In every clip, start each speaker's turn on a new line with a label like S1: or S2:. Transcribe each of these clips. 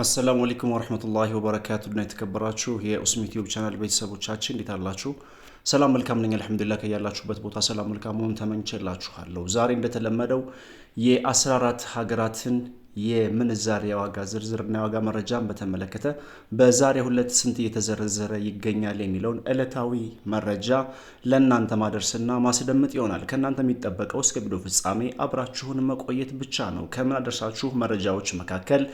S1: አሰላሙ አለይኩም ወረህመቱላሂ ወበረካቱ ድና የተከበራችሁ የኡስሚ ቲዩብ ቻናል ቤተሰቦቻችን እንዴት አላችሁ? ሰላም መልካም ነኝ አልሐምዱሊላህ። ከያላችሁበት ቦታ ሰላም መልካም መሆን ተመኝቼላችኋለሁ። ዛሬ እንደተለመደው የ14 ሀገራትን የምንዛሬ የዋጋ ዝርዝርና የዋጋ መረጃን በተመለከተ በዛሬ ዕለት ስንት እየተዘረዘረ ይገኛል የሚለውን ዕለታዊ መረጃ ለእናንተ ማደርስና ማስደምጥ ይሆናል። ከእናንተ የሚጠበቀው እስከ ቪዲዮ ፍጻሜ አብራችሁን መቆየት ብቻ ነው። ከምናደርሳችሁ መረጃዎች መካከል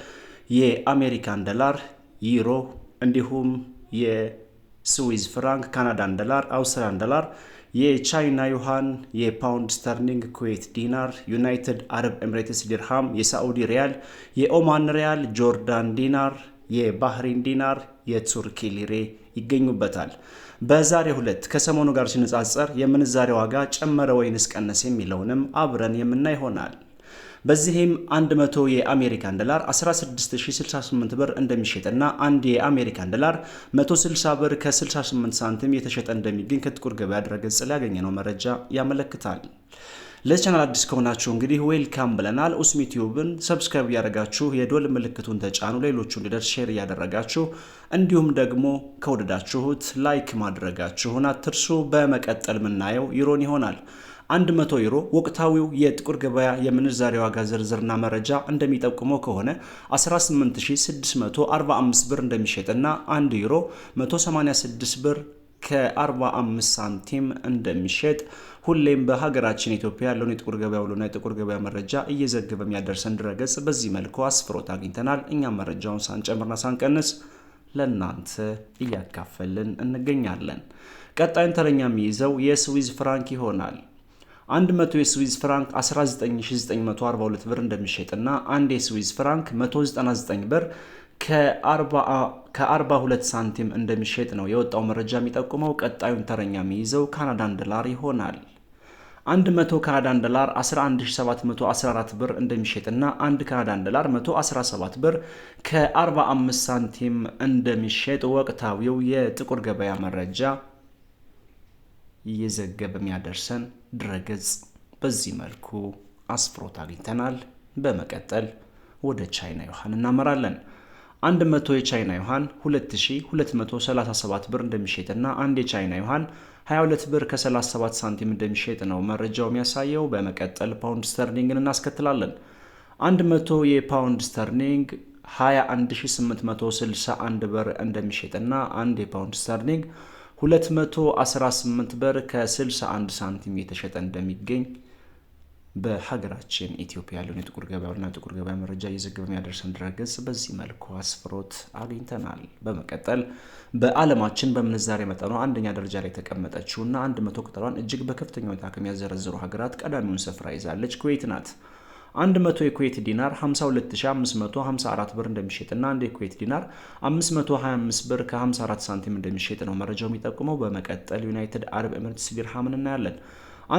S1: የአሜሪካን ዶላር፣ ዩሮ እንዲሁም የስዊዝ ፍራንክ፣ ካናዳን ዶላር፣ አውስትራሊያን ዶላር፣ የቻይና ዩሃን፣ የፓውንድ ስተርሊንግ፣ ኩዌት ዲናር፣ ዩናይትድ አረብ ኤምሬትስ ዲርሃም፣ የሳዑዲ ሪያል፣ የኦማን ሪያል፣ ጆርዳን ዲናር፣ የባህሪን ዲናር፣ የቱርኪ ሊሬ ይገኙበታል። በዛሬ ሁለት ከሰሞኑ ጋር ሲነጻጸር የምንዛሬ ዋጋ ጨመረ ወይንስ ቀነስ የሚለውንም አብረን የምናይ ይሆናል። በዚህም 100 የአሜሪካን ዶላር 16068 ብር እንደሚሸጥና አንድ የአሜሪካን ዶላር 160 ብር ከ68 ሳንቲም የተሸጠ እንደሚገኝ ከጥቁር ገበያ ድረገጽ ላይ ያገኘነው መረጃ ያመለክታል። ለቻናል አዲስ ከሆናችሁ እንግዲህ ዌልካም ብለናል። ኡስሚ ቲዩብን ሰብስክራይብ እያደረጋችሁ የዶል ምልክቱን ተጫኑ፣ ሌሎቹ እንዲደርስ ሼር እያደረጋችሁ እንዲሁም ደግሞ ከወደዳችሁት ላይክ ማድረጋችሁን አትርሱ። በመቀጠል የምናየው ዩሮን ይሆናል። 100 ዩሮ ወቅታዊው የጥቁር ገበያ የምንዛሬ ዋጋ ዝርዝርና መረጃ እንደሚጠቁመው ከሆነ 18645 ብር እንደሚሸጥና 1 ዩሮ 186 ብር ከ45 ሳንቲም እንደሚሸጥ ሁሌም በሀገራችን ኢትዮጵያ ያለውን የጥቁር ገበያ ውሎና የጥቁር ገበያ መረጃ እየዘገበ የሚያደርሰን ድረገጽ በዚህ መልኩ አስፍሮት አግኝተናል። እኛም መረጃውን ሳንጨምርና ሳንቀንስ ለእናንተ እያካፈልን እንገኛለን። ቀጣዩን ተረኛ የሚይዘው የስዊዝ ፍራንክ ይሆናል። 100 የስዊዝ ፍራንክ 19942 ብር እንደሚሸጥና አንድ የስዊዝ ፍራንክ 199 ብር ከ42 ሳንቲም እንደሚሸጥ ነው የወጣው መረጃ የሚጠቁመው። ቀጣዩን ተረኛ የሚይዘው ካናዳን ዶላር ይሆናል። 100 ካናዳን ዶላር 11714 ብር እንደሚሸጥና አንድ ካናዳን ዶላር 117 ብር ከ45 ሳንቲም እንደሚሸጥ ወቅታዊው የጥቁር ገበያ መረጃ እየዘገበ የሚያደርሰን ድረገጽ በዚህ መልኩ አስፍሮት አግኝተናል። በመቀጠል ወደ ቻይና ዮሐን እናመራለን። 100 የቻይና ዮሐን 2237 ብር እንደሚሸጥና አንድ የቻይና ዮሐን 22 ብር ከ37 ሳንቲም እንደሚሸጥ ነው መረጃው የሚያሳየው። በመቀጠል ፓውንድ ስተርሊንግን እናስከትላለን። 100 የፓውንድ ስተርሊንግ 21861 ብር እንደሚሸጥና አንድ የፓውንድ ስተርሊንግ 218 ብር ከ61 ሳንቲም የተሸጠ እንደሚገኝ በሀገራችን ኢትዮጵያ ያለውን የጥቁር ገበያና ጥቁር ገበያ መረጃ እየዘገበ የሚያደርሰን ድረገጽ በዚህ መልኩ አስፍሮት አግኝተናል። በመቀጠል በዓለማችን በምንዛሬ መጠኗ አንደኛ ደረጃ ላይ የተቀመጠችውና አንድ መቶ ቁጥሯን እጅግ በከፍተኛ ሁኔታ ከሚያዘረዝሩ ሀገራት ቀዳሚውን ስፍራ ይዛለች ኩዌት ናት። 100 የኩዌት ዲናር 52554 ብር እንደሚሸጥና አንድ የኩዌት ዲናር 525 ብር ከ54 ሳንቲም እንደሚሸጥ ነው መረጃው የሚጠቁመው። በመቀጠል ዩናይትድ አረብ ኤምሬትስ ዲርሃምን እናያለን።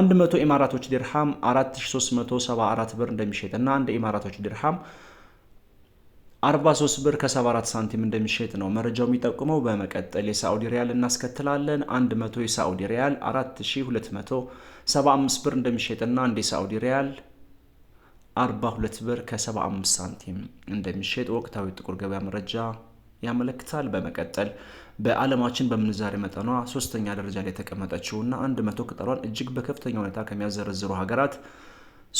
S1: 100 ኢማራቶች ዲርሃም 4374 ብር እንደሚሸጥና አንድ ኢማራቶች ዲርሃም 43 ብር ከ74 ሳንቲም እንደሚሸጥ ነው መረጃው የሚጠቁመው። በመቀጠል የሳዑዲ ሪያል እናስከትላለን። 100 የሳዑዲ ሪያል 4275 ብር እንደሚሸጥና አንድ የሳዑዲ ሪያል 42 ብር ከ75 ሳንቲም እንደሚሸጥ ወቅታዊ ጥቁር ገበያ መረጃ ያመለክታል። በመቀጠል በዓለማችን በምንዛሬ መጠኗ ሶስተኛ ደረጃ ላይ የተቀመጠችው አንድ መቶ ቅጠሏን እጅግ በከፍተኛ ሁኔታ ከሚያዘረዝሩ ሀገራት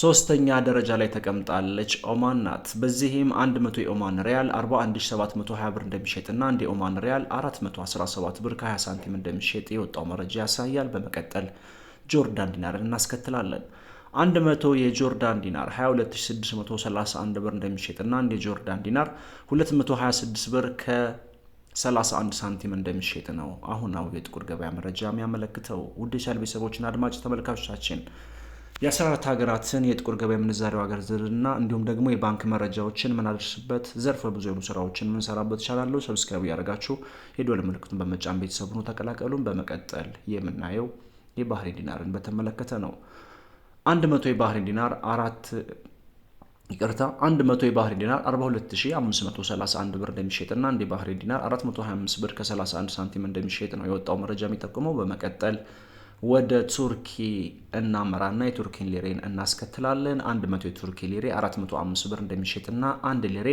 S1: ሶስተኛ ደረጃ ላይ ተቀምጣለች ኦማን ናት። በዚህም 100 የኦማን ሪያል 41720 ብር እንደሚሸጥና አንድ የኦማን ሪያል 417 ብር ከ20 ሳንቲም እንደሚሸጥ የወጣው መረጃ ያሳያል። በመቀጠል ጆርዳን ዲናርን እናስከትላለን። 100 የጆርዳን ዲናር 22631 ብር እንደሚሸጥና አንድ የጆርዳን ዲናር 226 ብር ከ 31 ሳንቲም እንደሚሸጥ ነው አሁናዊ የጥቁር ገበያ መረጃ የሚያመለክተው። ውድ የቻናል ቤተሰቦችና አድማጭ ተመልካቾቻችን የአስራ አራት ሀገራትን የጥቁር ገበያ ምንዛሪ ዋጋ ዝርዝርና እንዲሁም ደግሞ የባንክ መረጃዎችን ምናደርስበት ዘርፈ ብዙ የሆኑ ስራዎችን ምንሰራበት ይቻላለሁ። ሰብስክራይብ ያደርጋችሁ የደወል ምልክቱን በመጫን ቤተሰቡ ሆኖ ተቀላቀሉን። በመቀጠል የምናየው የባህሬን ዲናርን በተመለከተ ነው። አንድ መቶ የባህሪን ዲናር አራት ይቅርታ 100 የባህሪ ዲናር 42531 ብር እንደሚሸጥና አንድ የባህሬን ዲናር 425 ብር ከ31 ሳንቲም እንደሚሸጥ ነው የወጣው መረጃ የሚጠቁመው። በመቀጠል ወደ ቱርኪ እናመራና የቱርኪን ሊሬን እናስከትላለን። 100 የቱርኪ ሊሬ 405 ብር እንደሚሸጥና አንድ ሊሬ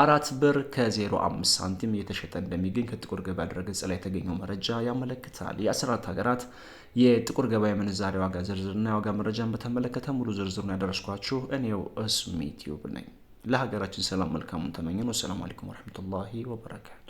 S1: አራት ብር ከ05 ሳንቲም እየተሸጠ እንደሚገኝ ከጥቁር ገበያ ድረገጽ ላይ የተገኘው መረጃ ያመለክታል። የ14 ሀገራት የጥቁር ገበያ ምንዛሬ ዋጋ ዝርዝርና የዋጋ መረጃን በተመለከተ ሙሉ ዝርዝሩን ያደረስኳችሁ እኔው እስሚትዩብ ነኝ። ለሀገራችን ሰላም መልካሙን ተመኘን። ወሰላሙ አለይኩም ወረህመቱላሂ ወበረካቱ